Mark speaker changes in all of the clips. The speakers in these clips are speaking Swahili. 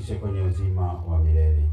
Speaker 1: atufikishe kwenye uzima wa milele.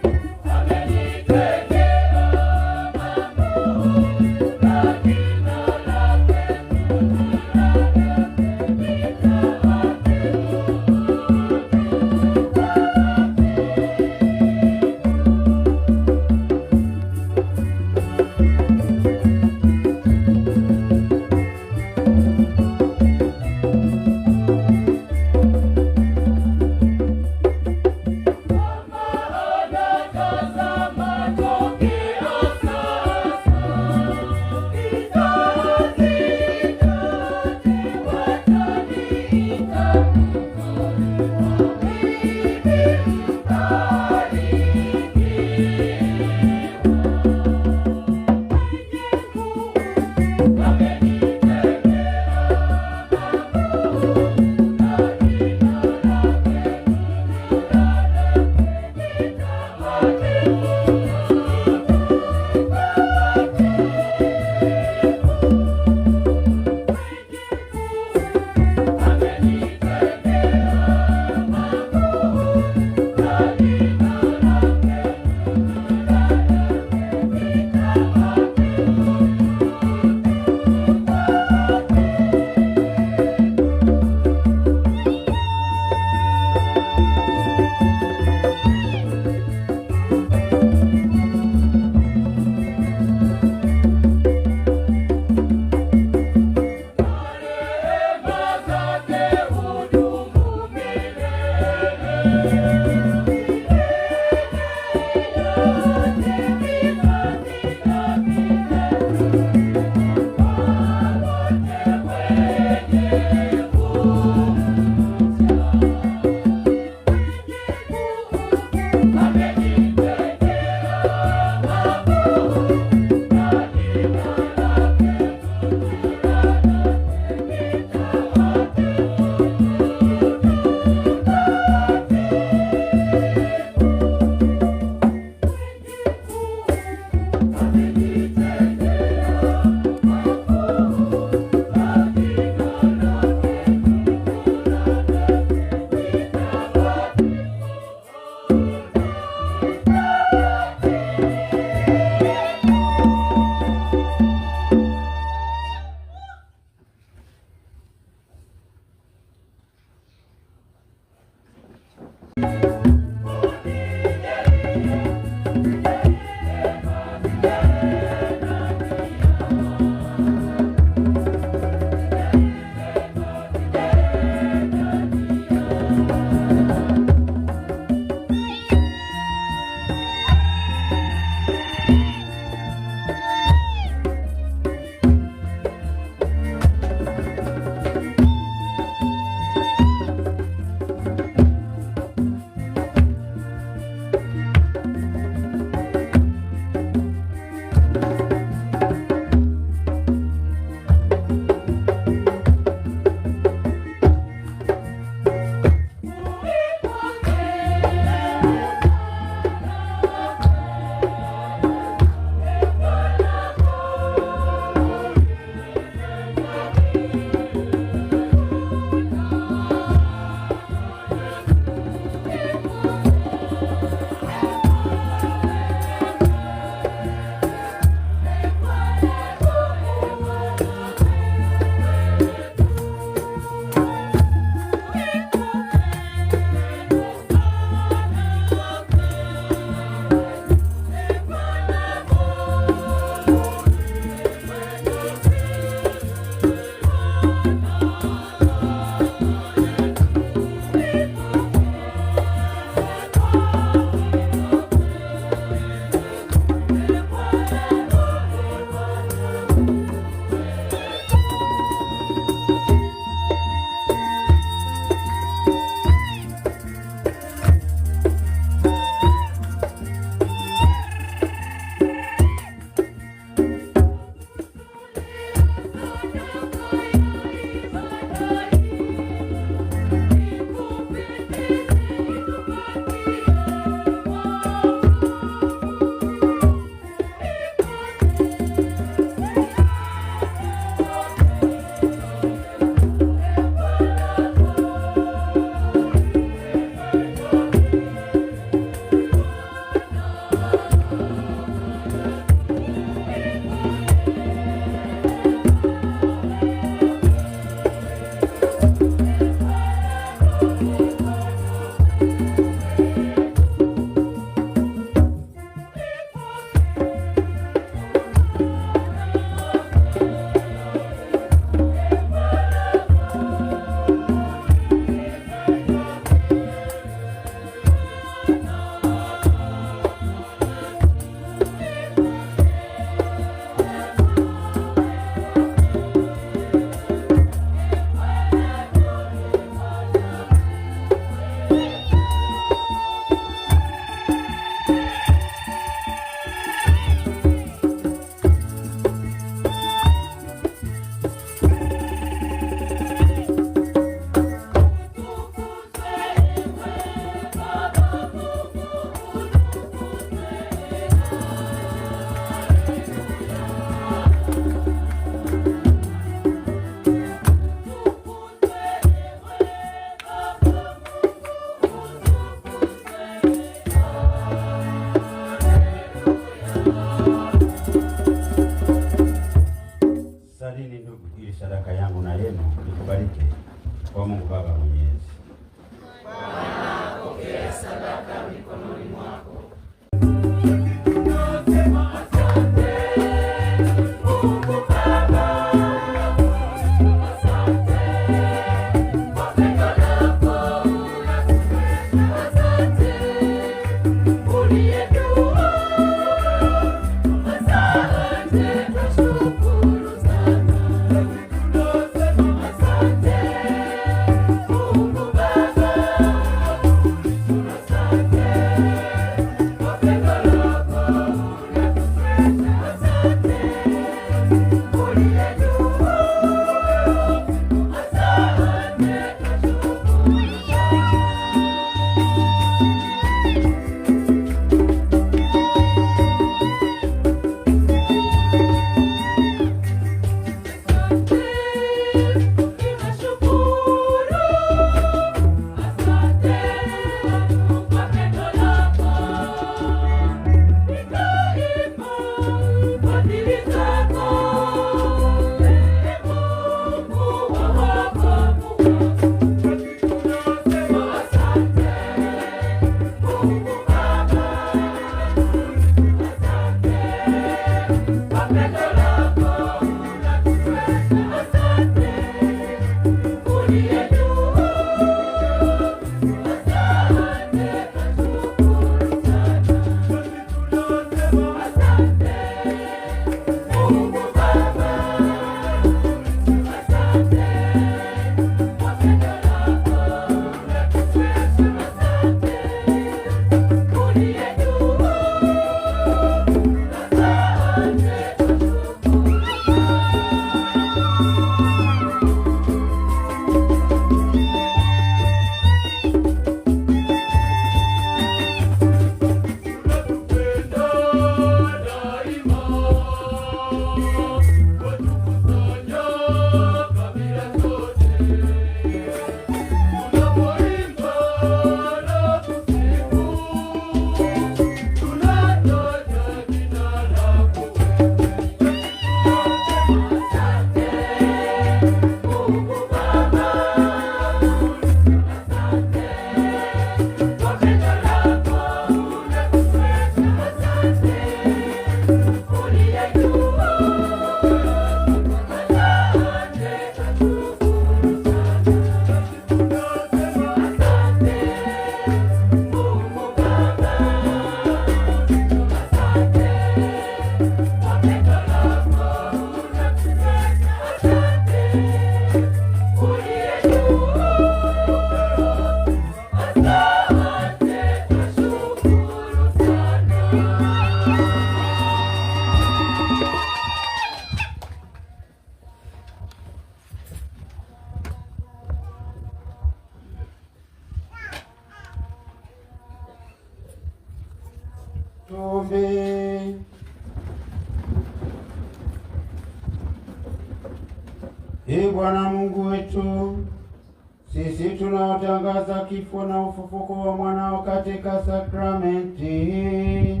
Speaker 1: kifo na ufufuko wa mwanao katika sakramenti.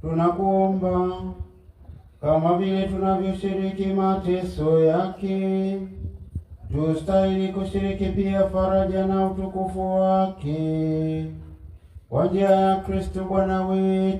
Speaker 1: Tunakuomba kama vile tunavyoshiriki mateso yake, tustahili kushiriki pia faraja na utukufu wake kwa njia ya Kristo Bwana wetu.